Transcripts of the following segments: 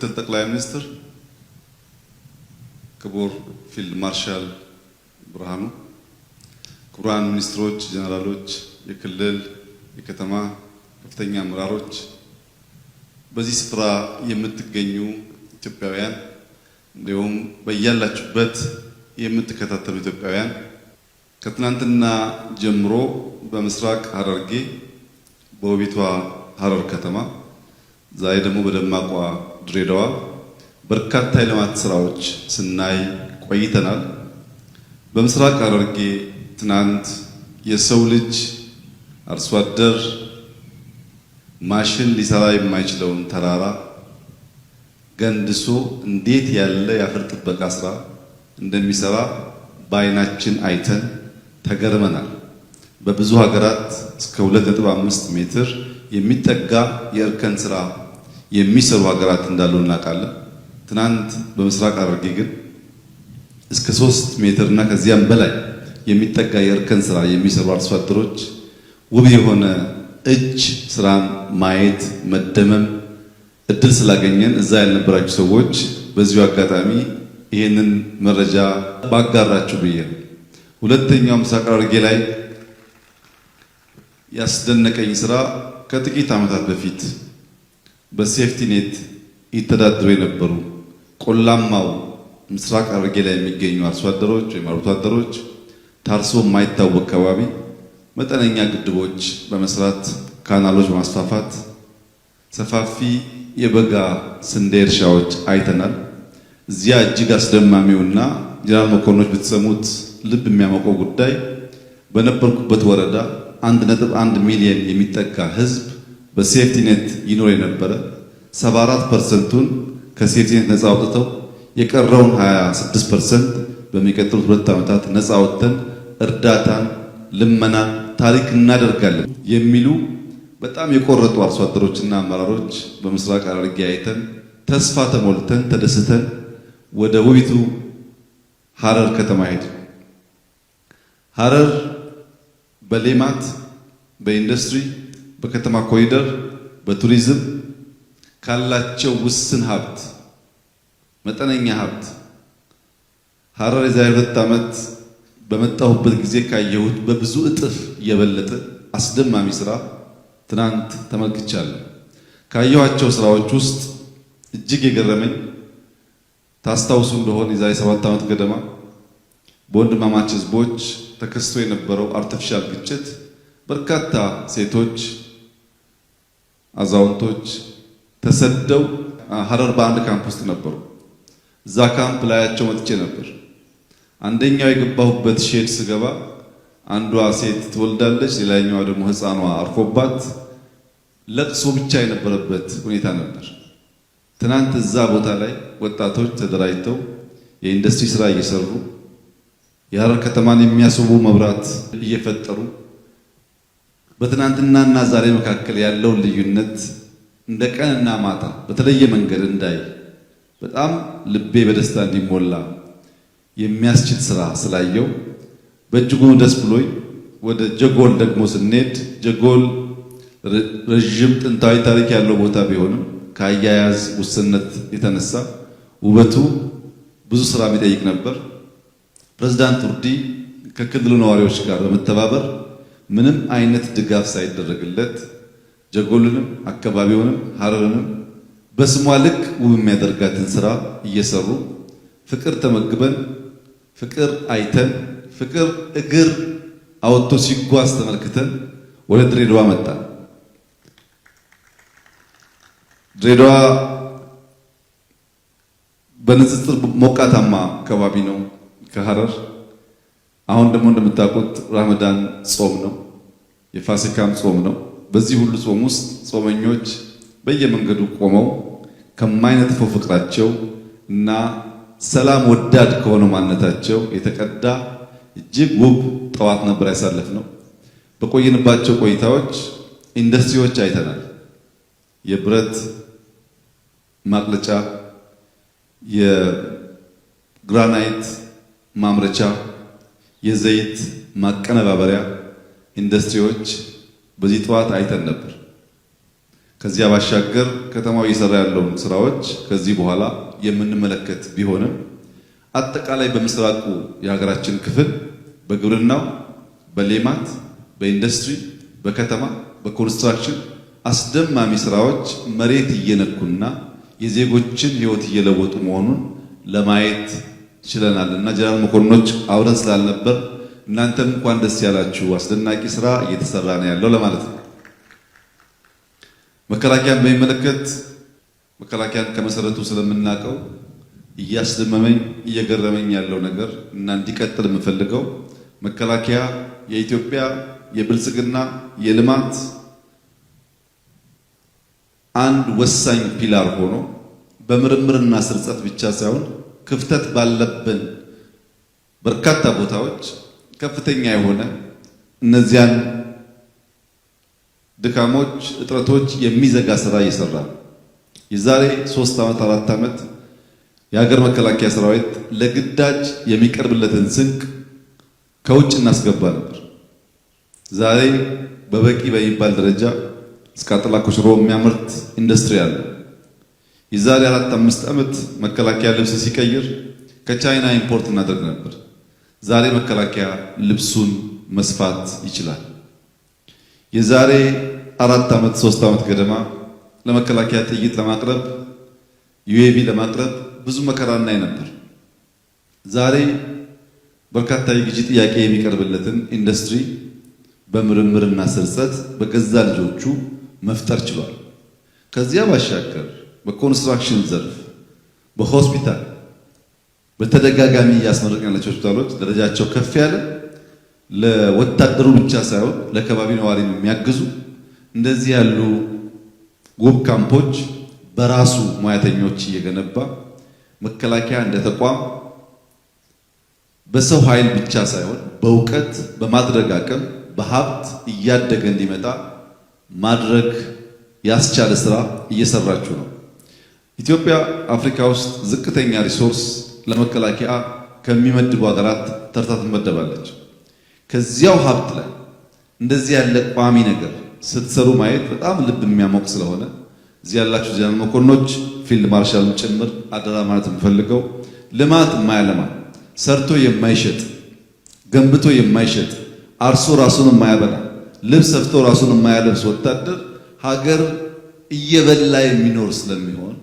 ምክትል ጠቅላይ ሚኒስትር፣ ክቡር ፊልድ ማርሻል ብርሃኑ፣ ክቡራን ሚኒስትሮች፣ ጀነራሎች፣ የክልል የከተማ ከፍተኛ አመራሮች፣ በዚህ ስፍራ የምትገኙ ኢትዮጵያውያን እንዲሁም በያላችሁበት የምትከታተሉ ኢትዮጵያውያን ከትናንትና ጀምሮ በምስራቅ ሐረርጌ በውቢቷ ሐረር ከተማ ዛሬ ደግሞ በደማቋ ድሬዳዋ በርካታ የልማት ስራዎች ስናይ ቆይተናል። በምስራቅ ሐረርጌ ትናንት የሰው ልጅ አርሶ አደር ማሽን ሊሰራ የማይችለውን ተራራ ገንድሶ እንዴት ያለ የአፈር ጥበቃ ስራ እንደሚሰራ በአይናችን አይተን ተገርመናል። በብዙ ሀገራት እስከ 2.5 ሜትር የሚጠጋ የእርከን ስራ የሚሰሩ ሀገራት እንዳሉ እናውቃለን። ትናንት በምስራቅ ሐረርጌ ግን እስከ ሶስት ሜትር እና ከዚያም በላይ የሚጠጋ የእርከን ስራ የሚሰሩ አርሶ አደሮች ውብ የሆነ እጅ ስራን ማየት መደመም እድል ስላገኘን እዛ ያልነበራችሁ ሰዎች በዚሁ አጋጣሚ ይህንን መረጃ ባጋራችሁ ብዬ ነው። ሁለተኛው ምስራቅ ሐረርጌ ላይ ያስደነቀኝ ስራ ከጥቂት ዓመታት በፊት በሴፍቲኔት ይተዳደሩ የነበሩ ቆላማው ምስራቅ ሐረርጌ ላይ የሚገኙ አርሶ አደሮች ወይም አርብቶ አደሮች ታርሶ የማይታወቅ አካባቢ መጠነኛ ግድቦች በመስራት ካናሎች በማስፋፋት ሰፋፊ የበጋ ስንዴ እርሻዎች አይተናል። እዚያ እጅግ አስደማሚውና ጀነራል መኮንኖች ብትሰሙት ልብ የሚያሞቀው ጉዳይ በነበርኩበት ወረዳ አንድ ነጥብ አንድ ሚሊየን የሚጠጋ ህዝብ በሴፍቲኔት ይኖር የነበረ 74 ፐርሰንቱን ከሴፍቲኔት ነፃ አውጥተው የቀረውን 26 ፐርሰንት በሚቀጥሉት ሁለት ዓመታት ነፃ አውጥተን እርዳታን፣ ልመናን ታሪክ እናደርጋለን የሚሉ በጣም የቆረጡ አርሶ አደሮችና አመራሮች በምስራቅ ሐረርጌ አይተን ተስፋ ተሞልተን ተደስተን ወደ ውቢቱ ሐረር ከተማ ሄዱ። ሐረር በሌማት በኢንዱስትሪ በከተማ ኮሪደር፣ በቱሪዝም ካላቸው ውስን ሀብት መጠነኛ ሀብት ሀረር የዛሬ ሁለት ዓመት በመጣሁበት ጊዜ ካየሁት በብዙ እጥፍ እየበለጠ አስደማሚ ስራ ትናንት ተመልክቻለሁ። ካየኋቸው ስራዎች ውስጥ እጅግ የገረመኝ ታስታውሱ እንደሆን የዛሬ ሰባት ዓመት ገደማ በወንድማማች ህዝቦች ተከስቶ የነበረው አርቲፊሻል ግጭት በርካታ ሴቶች አዛውንቶች ተሰደው ሀረር በአንድ ካምፕ ውስጥ ነበሩ። እዛ ካምፕ ላያቸው መጥቼ ነበር። አንደኛው የገባሁበት ሼድ ስገባ አንዷ ሴት ትወልዳለች፣ ሌላኛዋ ደግሞ ሕፃኗ አርፎባት ለቅሶ ብቻ የነበረበት ሁኔታ ነበር። ትናንት እዛ ቦታ ላይ ወጣቶች ተደራጅተው የኢንዱስትሪ ስራ እየሰሩ የሀረር ከተማን የሚያስውቡ መብራት እየፈጠሩ በትናንትናና ዛሬ መካከል ያለውን ልዩነት እንደ ቀንና ማታ በተለየ መንገድ እንዳይ በጣም ልቤ በደስታ እንዲሞላ የሚያስችል ስራ ስላየው በእጅጉ ደስ ብሎኝ ወደ ጀጎል ደግሞ ስንሄድ ጀጎል ረዥም ጥንታዊ ታሪክ ያለው ቦታ ቢሆንም ከአያያዝ ውስንነት የተነሳ ውበቱ ብዙ ስራ የሚጠይቅ ነበር። ፕሬዚዳንት ውርዲ ከክልሉ ነዋሪዎች ጋር በመተባበር ምንም አይነት ድጋፍ ሳይደረግለት ጀጎልንም አካባቢውንም ሀረርንም በስሟ ልክ ውብ የሚያደርጋትን ስራ እየሰሩ ፍቅር ተመግበን ፍቅር አይተን ፍቅር እግር አወጥቶ ሲጓዝ ተመልክተን ወደ ድሬዳዋ መጣ። ድሬዳዋ በንጽጽር ሞቃታማ አካባቢ ነው ከሀረር አሁን ደግሞ እንደምታውቁት ራመዳን ጾም ነው፣ የፋሲካም ጾም ነው። በዚህ ሁሉ ጾም ውስጥ ጾመኞች በየመንገዱ ቆመው ከማይነጥፈው ፍቅራቸው እና ሰላም ወዳድ ከሆነው ማንነታቸው የተቀዳ እጅግ ውብ ጠዋት ነበር ያሳለፍ ነው። በቆየንባቸው ቆይታዎች ኢንዱስትሪዎች አይተናል። የብረት ማቅለጫ፣ የግራናይት ማምረቻ የዘይት ማቀነባበሪያ ኢንዱስትሪዎች በዚህ ጠዋት አይተን ነበር። ከዚያ ባሻገር ከተማው እየሰራ ያለውን ስራዎች ከዚህ በኋላ የምንመለከት ቢሆንም አጠቃላይ በምስራቁ የሀገራችን ክፍል በግብርናው፣ በሌማት፣ በኢንዱስትሪ፣ በከተማ፣ በኮንስትራክሽን አስደማሚ ስራዎች መሬት እየነኩና የዜጎችን ሕይወት እየለወጡ መሆኑን ለማየት ችለናል እና ጀነራል መኮንኖች አብረን ስላልነበር እናንተም እንኳን ደስ ያላችሁ፣ አስደናቂ ስራ እየተሰራ ነው ያለው ለማለት ነው። መከላከያን በሚመለከት መከላከያን ከመሰረቱ ስለምናውቀው እያስደመመኝ እየገረመኝ ያለው ነገር እና እንዲቀጥል የምፈልገው መከላከያ የኢትዮጵያ የብልጽግና የልማት አንድ ወሳኝ ፒላር ሆኖ በምርምርና ስርጸት ብቻ ሳይሆን ክፍተት ባለብን በርካታ ቦታዎች ከፍተኛ የሆነ እነዚያን ድካሞች፣ እጥረቶች የሚዘጋ ስራ እየሰራ የዛሬ ሶስት ዓመት አራት ዓመት የሀገር መከላከያ ሰራዊት ለግዳጅ የሚቀርብለትን ስንቅ ከውጭ እናስገባ ነበር። ዛሬ በበቂ በሚባል ደረጃ እስከ አጥላ ኮሽሮ የሚያመርት ኢንዱስትሪ አለ። የዛሬ አራት አምስት ዓመት መከላከያ ልብስ ሲቀይር ከቻይና ኢምፖርት እናደርግ ነበር። ዛሬ መከላከያ ልብሱን መስፋት ይችላል። የዛሬ አራት ዓመት ሶስት ዓመት ገደማ ለመከላከያ ጥይት ለማቅረብ ዩኤቪ ለማቅረብ ብዙ መከራ እናይ ነበር። ዛሬ በርካታ የግዢ ጥያቄ የሚቀርብለትን ኢንዱስትሪ በምርምርና ስርጸት በገዛ ልጆቹ መፍጠር ችሏል። ከዚያ ባሻገር በኮንስትራክሽን ዘርፍ፣ በሆስፒታል በተደጋጋሚ እያስመረቅን ያላቸው ሆስፒታሎች ደረጃቸው ከፍ ያለ ለወታደሩ ብቻ ሳይሆን ለከባቢ ነዋሪ የሚያግዙ እንደዚህ ያሉ ውብ ካምፖች በራሱ ሙያተኞች እየገነባ መከላከያ እንደ ተቋም በሰው ኃይል ብቻ ሳይሆን በእውቀት በማድረግ አቅም በሀብት እያደገ እንዲመጣ ማድረግ ያስቻለ ስራ እየሰራችሁ ነው። ኢትዮጵያ አፍሪካ ውስጥ ዝቅተኛ ሪሶርስ ለመከላከያ ከሚመድቡ ሀገራት ተርታ ትመደባለች። ከዚያው ሀብት ላይ እንደዚህ ያለ ቋሚ ነገር ስትሰሩ ማየት በጣም ልብ የሚያሞቅ ስለሆነ እዚህ ያላችሁ ጀነራል መኮንኖች፣ ፊልድ ማርሻልም ጭምር አደራ ማለት የምፈልገው ልማት የማያለማ ሰርቶ የማይሸጥ ገንብቶ የማይሸጥ አርሶ ራሱን የማያበላ ልብስ ሰፍቶ ራሱን የማያለብስ ወታደር ሀገር እየበላ የሚኖር ስለሚሆን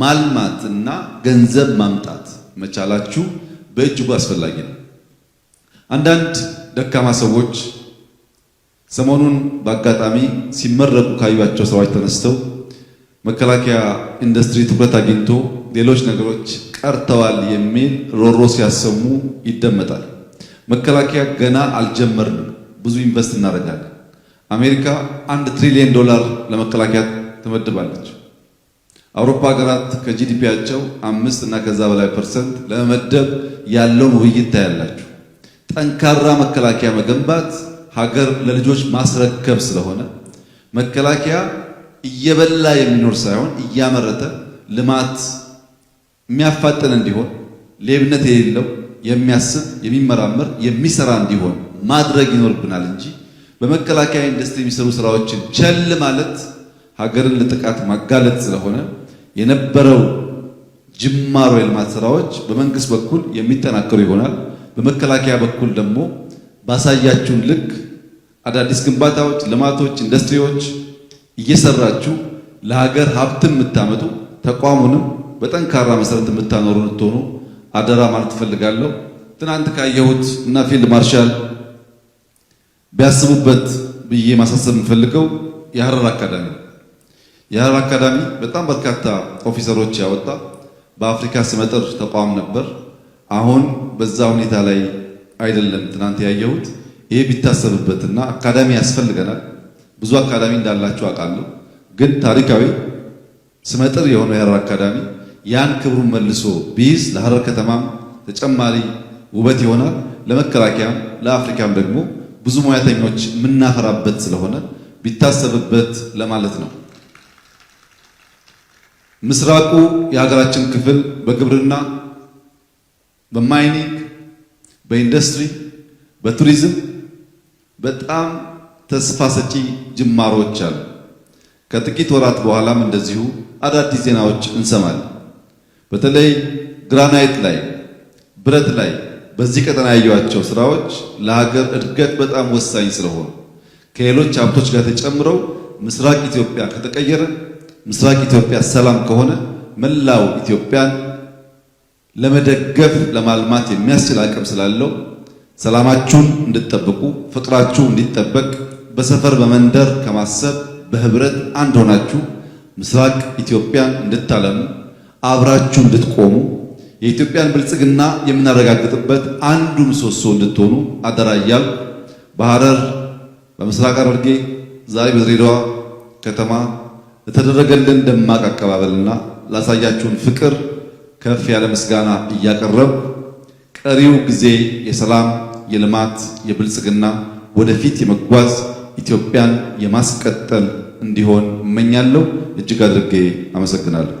ማልማት እና ገንዘብ ማምጣት መቻላችሁ በእጅጉ አስፈላጊ ነው። አንዳንድ ደካማ ሰዎች ሰሞኑን በአጋጣሚ ሲመረቁ ካዩቸው ሰዎች ተነስተው መከላከያ ኢንዱስትሪ ትኩረት አግኝቶ ሌሎች ነገሮች ቀርተዋል የሚል ሮሮ ሲያሰሙ ይደመጣል። መከላከያ ገና አልጀመርንም፣ ብዙ ኢንቨስት እናደርጋለን። አሜሪካ አንድ ትሪሊየን ዶላር ለመከላከያ ትመድባለች። አውሮፓ ሀገራት ከጂዲፒያቸው አምስት እና ከዛ በላይ ፐርሰንት ለመመደብ ያለውን ውይይት ታያላችሁ። ጠንካራ መከላከያ መገንባት ሀገር ለልጆች ማስረከብ ስለሆነ መከላከያ እየበላ የሚኖር ሳይሆን እያመረተ ልማት የሚያፋጥን እንዲሆን ሌብነት የሌለው የሚያስብ የሚመራመር የሚሰራ እንዲሆን ማድረግ ይኖርብናል እንጂ በመከላከያ ኢንዱስትሪ የሚሰሩ ስራዎችን ቸል ማለት ሀገርን ለጥቃት ማጋለጥ ስለሆነ የነበረው ጅማሮ የልማት ስራዎች በመንግስት በኩል የሚጠናከሩ ይሆናል። በመከላከያ በኩል ደግሞ ባሳያችሁን ልክ አዳዲስ ግንባታዎች፣ ልማቶች፣ ኢንዱስትሪዎች እየሰራችሁ ለሀገር ሀብትን የምታመጡ ተቋሙንም በጠንካራ መሰረት የምታኖሩ እንድትሆኑ አደራ ማለት እፈልጋለሁ። ትናንት ካየሁት እና ፊልድ ማርሻል ቢያስቡበት ብዬ ማሳሰብ የምፈልገው የሀረር አካዳሚ የሀረር አካዳሚ በጣም በርካታ ኦፊሰሮች ያወጣ በአፍሪካ ስመጥር ተቋም ነበር። አሁን በዛ ሁኔታ ላይ አይደለም ትናንት ያየሁት። ይሄ ቢታሰብበትና አካዳሚ ያስፈልገናል። ብዙ አካዳሚ እንዳላችሁ አውቃለሁ፣ ግን ታሪካዊ ስመጥር የሆነው የሀረር አካዳሚ ያን ክብሩን መልሶ ቢይዝ ለሀረር ከተማም ተጨማሪ ውበት ይሆናል፣ ለመከላከያም ለአፍሪካም ደግሞ ብዙ ሙያተኞች የምናፈራበት ስለሆነ ቢታሰብበት ለማለት ነው። ምስራቁ የሀገራችን ክፍል በግብርና፣ በማይኒንግ፣ በኢንዱስትሪ፣ በቱሪዝም በጣም ተስፋ ሰጪ ጅማሮች አሉ። ከጥቂት ወራት በኋላም እንደዚሁ አዳዲስ ዜናዎች እንሰማለን። በተለይ ግራናይት ላይ፣ ብረት ላይ በዚህ ቀጠና ያዩዋቸው ስራዎች ለሀገር እድገት በጣም ወሳኝ ስለሆኑ ከሌሎች ሀብቶች ጋር ተጨምረው ምስራቅ ኢትዮጵያ ከተቀየረ ምስራቅ ኢትዮጵያ ሰላም ከሆነ መላው ኢትዮጵያን ለመደገፍ ለማልማት የሚያስችል አቅም ስላለው ሰላማችሁን እንድትጠብቁ ፍቅራችሁ እንዲጠበቅ በሰፈር በመንደር ከማሰብ በህብረት አንድ ሆናችሁ ምስራቅ ኢትዮጵያን እንድታለሙ አብራችሁ እንድትቆሙ የኢትዮጵያን ብልጽግና የምናረጋግጥበት አንዱ ምሰሶ እንድትሆኑ አደራ እያልኩ በሐረር በምስራቅ ሐረርጌ ዛሬ በድሬዳዋ ከተማ ለተደረገልን ደማቅ አቀባበልና ላሳያችሁን ፍቅር ከፍ ያለ ምስጋና እያቀረብ ቀሪው ጊዜ የሰላም፣ የልማት፣ የብልጽግና ወደፊት የመጓዝ ኢትዮጵያን የማስቀጠል እንዲሆን እመኛለሁ። እጅግ አድርጌ አመሰግናለሁ።